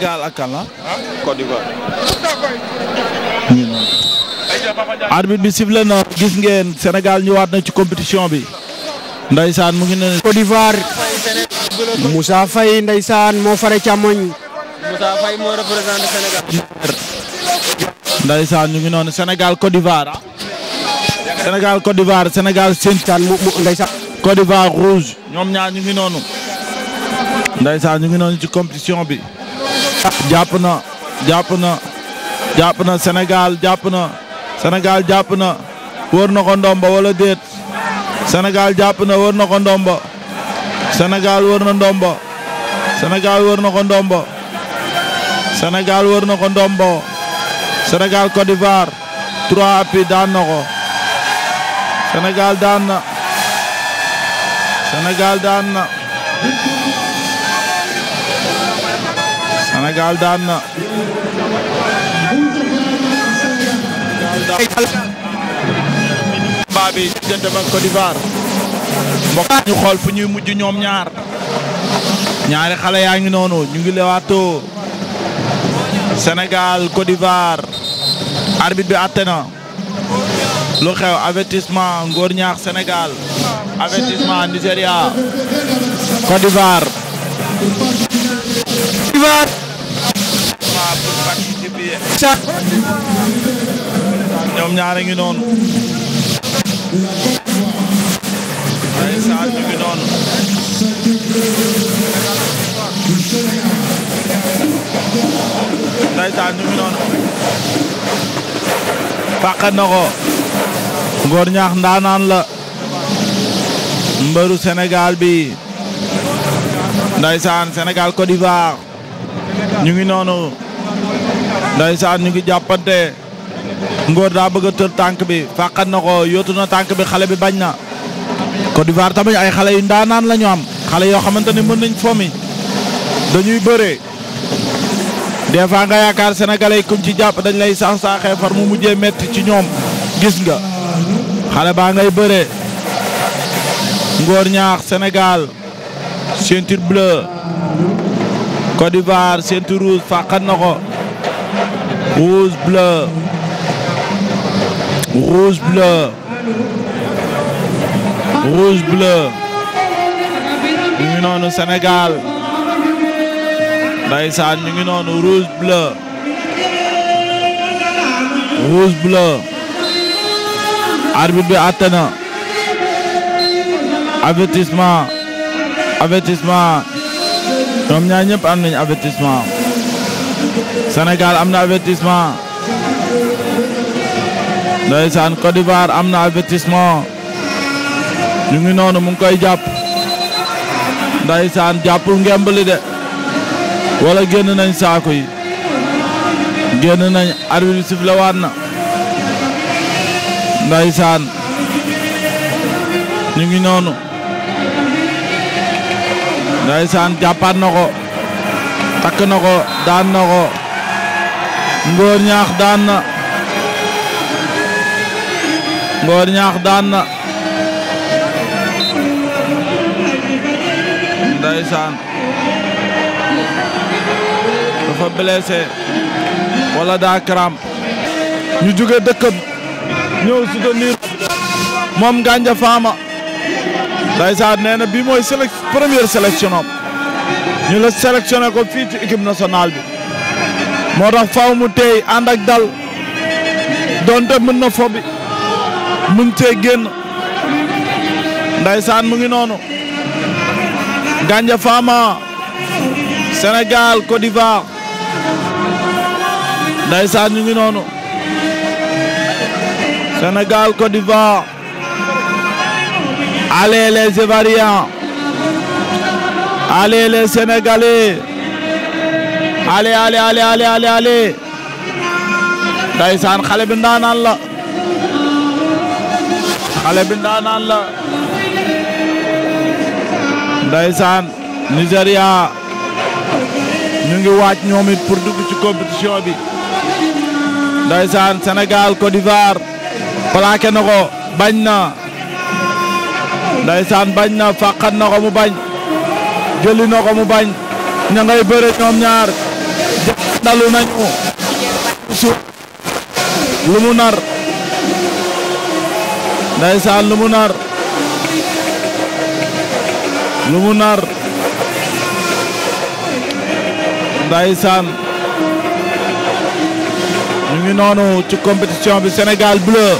Sénégal bi sifflé gis ngeen Sénégal ñëwaat na ci compétition bi. Ndeysaan mu ngi ne. Côte d'Ivoire. Moussa Faye Ndeysaan moo fare càmmoñ. Moussa Faye moo ñu ngi noonu Sénégal Côte d'Ivoire. Sénégal Côte d'Ivoire Sénégal seen. Ndeysaan d'Ivoire rouge ñoom ñaar ñu ngi noonu. Ndeysaan ñu ngi noonu ci compétition bi. jàpp na jàpp na jàpp na Sénégal jàpp na Sénégal jàpp na wër na ko ndomba wala déet senegal jàpp na wër na ko ndomba Sénégal wër na ndomba Sénégal wër na ko ndomba senegal wër na ko ndombo senegal Côte d'Ivoire trois appuis daan na ko senegal daan senegal Sénégal na Sénégal daan na. combat bi diggante ak Côte d'Ivoire. mbokk ñu xool fu ñuy mujj ñoom ñaar. ñaari xale yaa ngi noonu ñu ngi lewaatoo. Sénégal Côte d'Ivoire. arbitre bi àtte na. lu xew avertissement ngóor ñaax Sénégal. avertissement Nigéria. Côte d'Ivoire. appuyer. ñoom ñaare ngi noonu. ndeysaan ñu ngi noonu. ndeysaan ñu ngi noonu. ndaanaan la. mbëru Sénégal bi. ndeysaan Sénégal Côte d'Ivoire. ñu ngi noonu. ndeysaan ñu ngi jàppante Ngor daa bëgg a tànk bi fàqat na ko yóotu na tànk bi xale bi bañ na Côte d'Ivoire tamit ay xale yu ndaanaan la ñu am xale yoo xamante ne mën nañ fomi dañuy bëree des fois nga yaakaar sénégalais yi kuñ ci jàpp dañ lay saax saaxee far mu mujjee metti ci ñoom gis nga xale baa ngay bëree Ngor ñaax Sénégal ceinture bleue Côte d'Ivoire ceinture rouge fàqat na ko Rose bleu. Rouge ble Rouge bleu. ñu ngi noonu Sénégal. Ndeysaan ñu ngi noonu rouge bleu. Rouge bleu. arbitre bi àtte na. avertissement. avertissement. ñoom ñaar ñëpp am nañu avertissement. senegal am na avertissement ndeysaan saan d'Ivoire am na avertissement ñu ngi noonu mu ngi koy jàpp ndeysaan jàppul ngemb li de walla génn nañ saako yi génn nañ arbitre bi sifle waat na ndeysaan ñu ngi noonu ndeysaan jàppaat na ko takk na ko daan na ko ngóor ñaax daan na ngóor ñaax daan na ndeysaan dafa blessé wala daa cramp ñu jóge dëkkam ñëw soutenir moom Gandia Fama ndeysaan nee na bii mooy selec première sélection ñu la sélectionné ko fii ci équipe nationale bi moo tax faaw mu tey ànd ak dal donte mën na fo bi mën cee génn ndaysaan mu ngi noonu Gandia Fama Sénégal Côte d'Ivoire ndaysaan ñu ngi noonu Sénégal Côte d'Ivoire allez les Ivoiriens Allez les Sénégalais allez allez allez allez allez allez xale bi ndaanaan la xale bi ndaanaan la ndeysaan Nigéria ñu ngi waaj ñoom it pour dugg ci compétition bi ndeysaan Sénégal Côte d'Ivoire plaqué na ko bañ na ndeysaan bañ na fàqat na mu bañ jëli na ko mu bañ ña ngay bëre ñoom ñaar dalu nañu suuf lu mu nar ndeysaan lu mu nar lu mu nar ndeysaan ñu ngi noonu ci compétition bi Sénégal bleu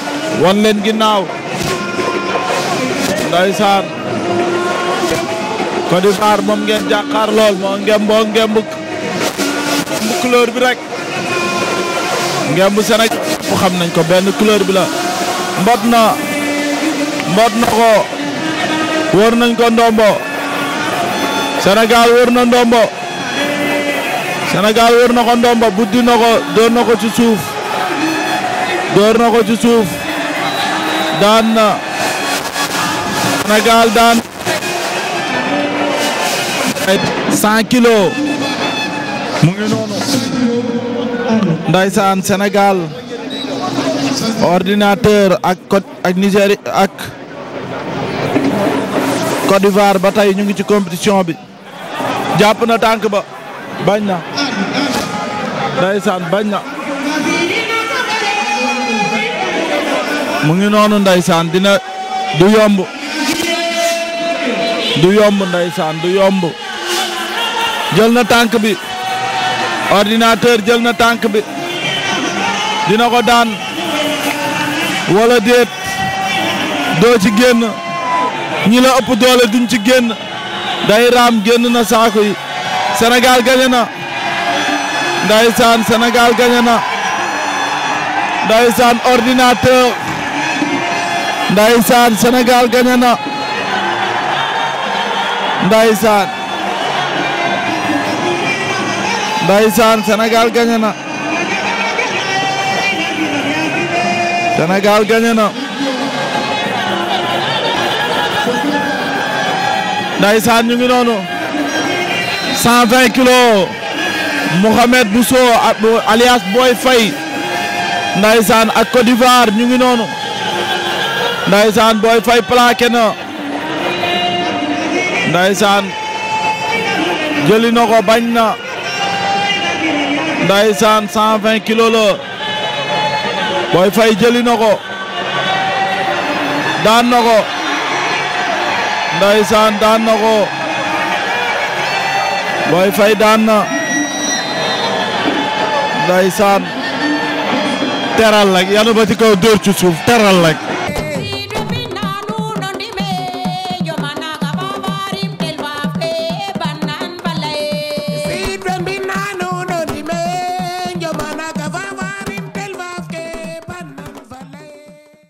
won leen ginnaaw ndeysaan Côte d'Ivoire moom ngeen jàkkaar lool moo ngem boo bu couleur bi rek ngem bu Sénégal bu xam nañ ko benn couleur bi la mbot na mbot na ko wër nañ ko ndombo Sénégal wër na ndombo senegal wër na ko ndombo buddi na ko dóor na ko ci suuf dóor na ko ci suuf daan na Sénégal daan tamit 100 kilos mu ngi noonu ndaysaan Sénégal ordinateur ak Côte ak Nigéria d'Ivoire ba tey ñu ngi ci compétition bi jàpp na tànk ba bañ na ndaysaan bañ na mu ngi noonu ndaysaan dina du yomb du yomb ndaysaan du yomb jël na tànk bi ordinateur jël na tànk bi dina ko daan wala déet doo ci génn ñi la ëpp doole duñ ci génn day raam génn na saako yi Sénégal gañe na ndaysaan Sénégal gañe na ndaysaan ordinateur ndaysaan Sénégal gañe na ndaysaan ndeysaan Sénégal gagné na Sénégal gagné na ndeysaan ñu ngi noonu 120 kilos Mohamed Bousso alias Boy Faye ndeysaan ak Côte d'Ivoire ñu ngi noonu ndeysaan Boy Faye plaqué na ndeysaan jëli na ko bañ na ndaysaan 120 kilos la Boy Faye jëli na ko daan na ko ndaysaan daan na ko Boy Faye daan na ndaysaan teral rek yanu ba ci kaw dóor ci suuf teral rek